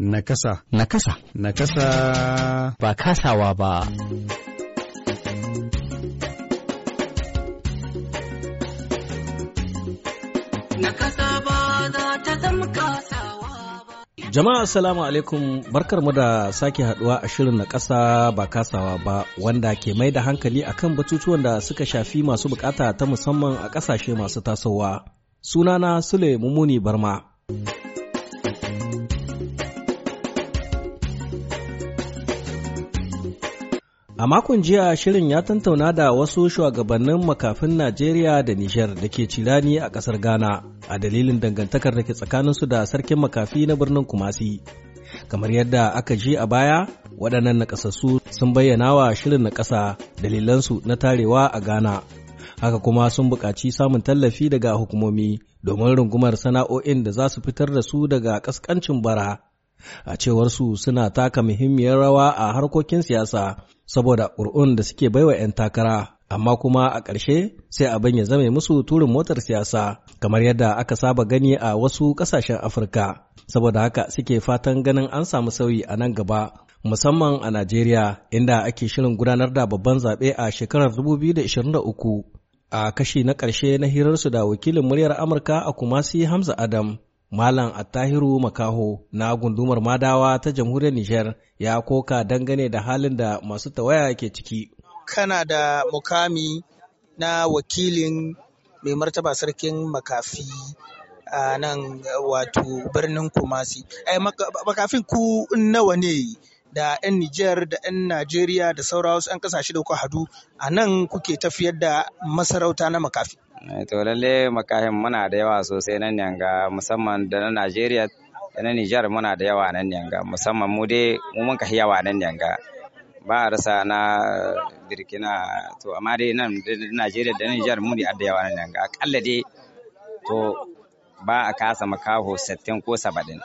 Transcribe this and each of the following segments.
Nakasa. Nakasa. Nakasa. Ba kasawa ba. Jama'a Assalamu alaikum barkarmu da sake haduwa a shirin na ƙasa ba kasawa ba wanda ke mai da hankali a kan batutuwan da suka shafi masu bukata ta musamman a ƙasashe masu tasowa. Sunana Sule Mumuni Barma. A makon jiya shirin ya tantauna da wasu shugabannin makafin Najeriya da Nijar da ke cilani a ƙasar Ghana a dalilin dangantakar da ke tsakaninsu da sarkin makafi na birnin Kumasi. Kamar yadda aka ji a baya, waɗannan nakasassu sun bayyana wa shirin na ƙasa dalilansu na tarewa a Ghana. Haka kuma sun buƙaci samun tallafi daga hukumomi domin rungumar sana'o'in da za su fitar da su daga ƙasƙancin bara A cewar su suna taka muhimmiyar rawa a harkokin siyasa saboda ƙur'un da suke baiwa 'yan takara, amma kuma a ƙarshe sai abin ya zame musu turin motar siyasa kamar yadda aka saba gani a wasu ƙasashen Afirka. Saboda haka suke fatan ganin an samu sauyi a nan gaba musamman a Najeriya inda ake shirin gudanar da babban zaɓe a shekarar 2023 a kashi na ƙarshe na hirarsu da wakilin muryar Amurka a Kumasi Hamza Adam Malam Attahiru Makaho na gundumar Madawa ta jamhuriyar Nijar ya koka dangane da halin da masu tawaya ke ciki. Kana da mukami na wakilin mai martaba sarkin makafi a nan wato birnin Kumasi. makafin ku nawa ne da 'yan Nijar da 'yan Najeriya da saura wasu 'yan kasashe da kuka hadu a nan kuke tafiyar da masarauta na makafi. Eh, to lalle makafin muna da yawa sosai nan yanga musamman da na Najeriya da na Nijar muna da yawa nan yanga musamman mu dai mu mun kahi yawa nan yanga ba a rasa na birkina. to amma dai nan da Najeriya da Nijar mu ne da yawa nan yanga akalla dai to ba a kasa makaho 60 ko 70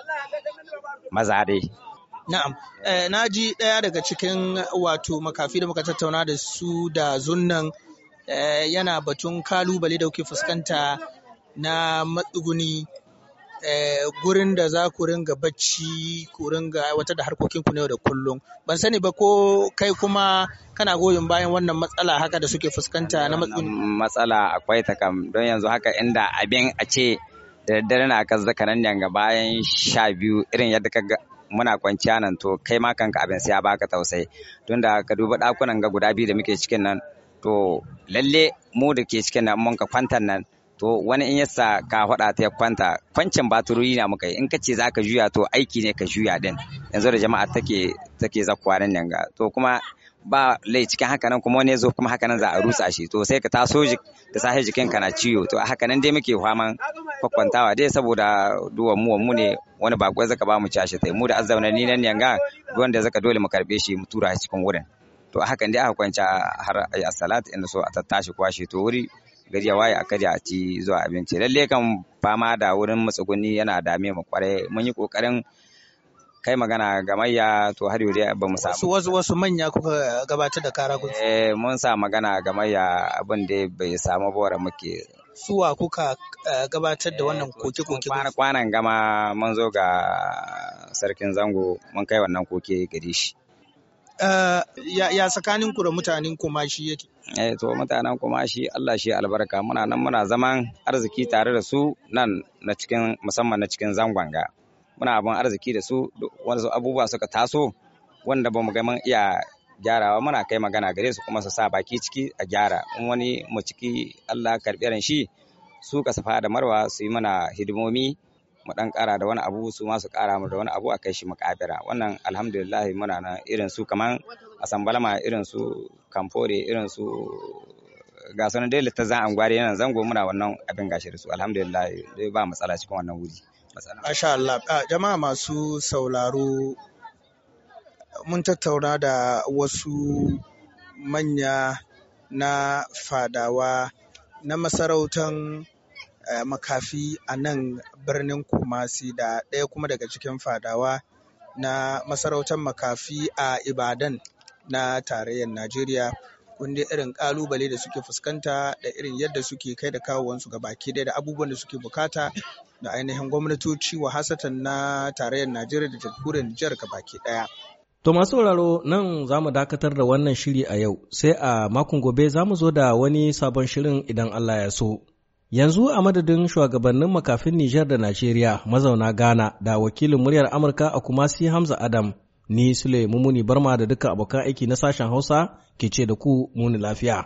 maza dai Na'am, naji eh, na ji ɗaya daga cikin wato makafi da muka tattauna da su da zunnan eh, yana batun kalubale da kuke fuskanta na matsuguni eh, gurin da za ku ringa bacci ku ringa wata da harkokin ku na da kullum. Ban sani ba ko kai kuma kana goyon bayan wannan matsala haka da suke fuskanta na matsuguni. Matsala akwai ta don yanzu haka inda abin a ce da daddare na aka nan yanga bayan sha biyu irin yadda ka muna kwanciya nan to kai ma kanka abin sai ya baka tausayi tunda ka duba ɗakunan ga guda biyu da muke cikin nan to lalle mu da ke cikin nan mun ka kwantan nan to wani in yasa ka faɗa ta ya kwanta kwancin baturi na muka yi in ka ce zaka juya to aiki ne ka juya din yanzu da jama'a take take zakwarin nan ga to kuma ba lai cikin hakanan kuma wani zo kuma nan za a rusa shi to sai ka taso da safe jikin ka na ciwo to a nan dai muke faman kwakwantawa dai saboda duwan mu mu ne wani bakwai zaka ba mu cashe tai mu da azzauna ni nan yanga wanda zaka dole mu karbe shi mu tura shi cikin wurin to a hakan dai aka kwanta har ayi salat in so a tattashi kwashe to wuri gari ya waye a karya a ci zuwa abinci lalle kan fama da wurin matsuguni yana dame mu kwarai mun yi kokarin kai magana gamayya to har yau ba mu samu wasu wasu manya kuka gabatar da kara ku eh mun sa magana gamayya abin da bai samu bora muke suwa kuka eh, gabatar da wannan eh, koke koke kwanan gama mun zo ga sarkin zango mun kai wannan koke gare shi eh, ya tsakanin ku da mutanen kuma shi yake eh to mutanen kuma shi Allah shi albarka muna nan muna zaman arziki tare da su nan na cikin musamman na cikin zangon ga muna abin arziki da su wani abubuwa suka taso wanda ba mu gaman iya gyarawa muna kai magana gare su kuma su sa baki ciki a gyara in wani mu ciki Allah karɓi shi su ka safa da marwa su yi mana hidimomi mu dan ƙara da wani abu su ma su ƙara mu da wani abu a kai shi makabira wannan alhamdulillah muna nan irin su kaman asan balama irin su kamfore irin su ga sanar dai an gware yana zango muna wannan abin gashi da su alhamdulillah dai ba matsala cikin wannan wuri Masha Allah. Ah, jama'a masu sauraro mun tattauna da wasu manya na fadawa na masarautan eh, makafi a nan birnin Kumasi da ɗaya kuma daga cikin fadawa na masarautar makafi a Ibadan na tarayyar Najeriya. kun irin kalubale da suke fuskanta da irin yadda suke kai da kawowansu ga baki dai da abubuwan da suke bukata da ainihin gwamnatoci wa hasatan na tarayyar Najeriya da jamhuriyar Nijar ga baki daya. To masu sauraro nan za mu dakatar da wannan shiri a yau sai a makon gobe za mu zo da wani sabon shirin idan Allah ya so. Yanzu a madadin shugabannin makafin Nijar da Najeriya mazauna Ghana da wakilin muryar Amurka a Kumasi Hamza Adam. ni Sule Mumuni Barma da duka abokan aiki na sashen Hausa ke ce da ku muni lafiya.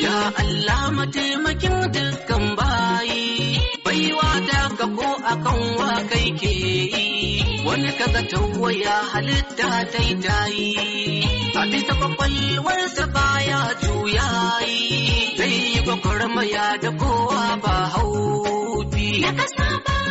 Ya Allah mataimakin bayi, baiwa daga ko akan wa kai ta tawaya halitta ta yi yi. a bisa kwakwalwarsa baya juyayi zai yi maya da kowa ba haufi na ba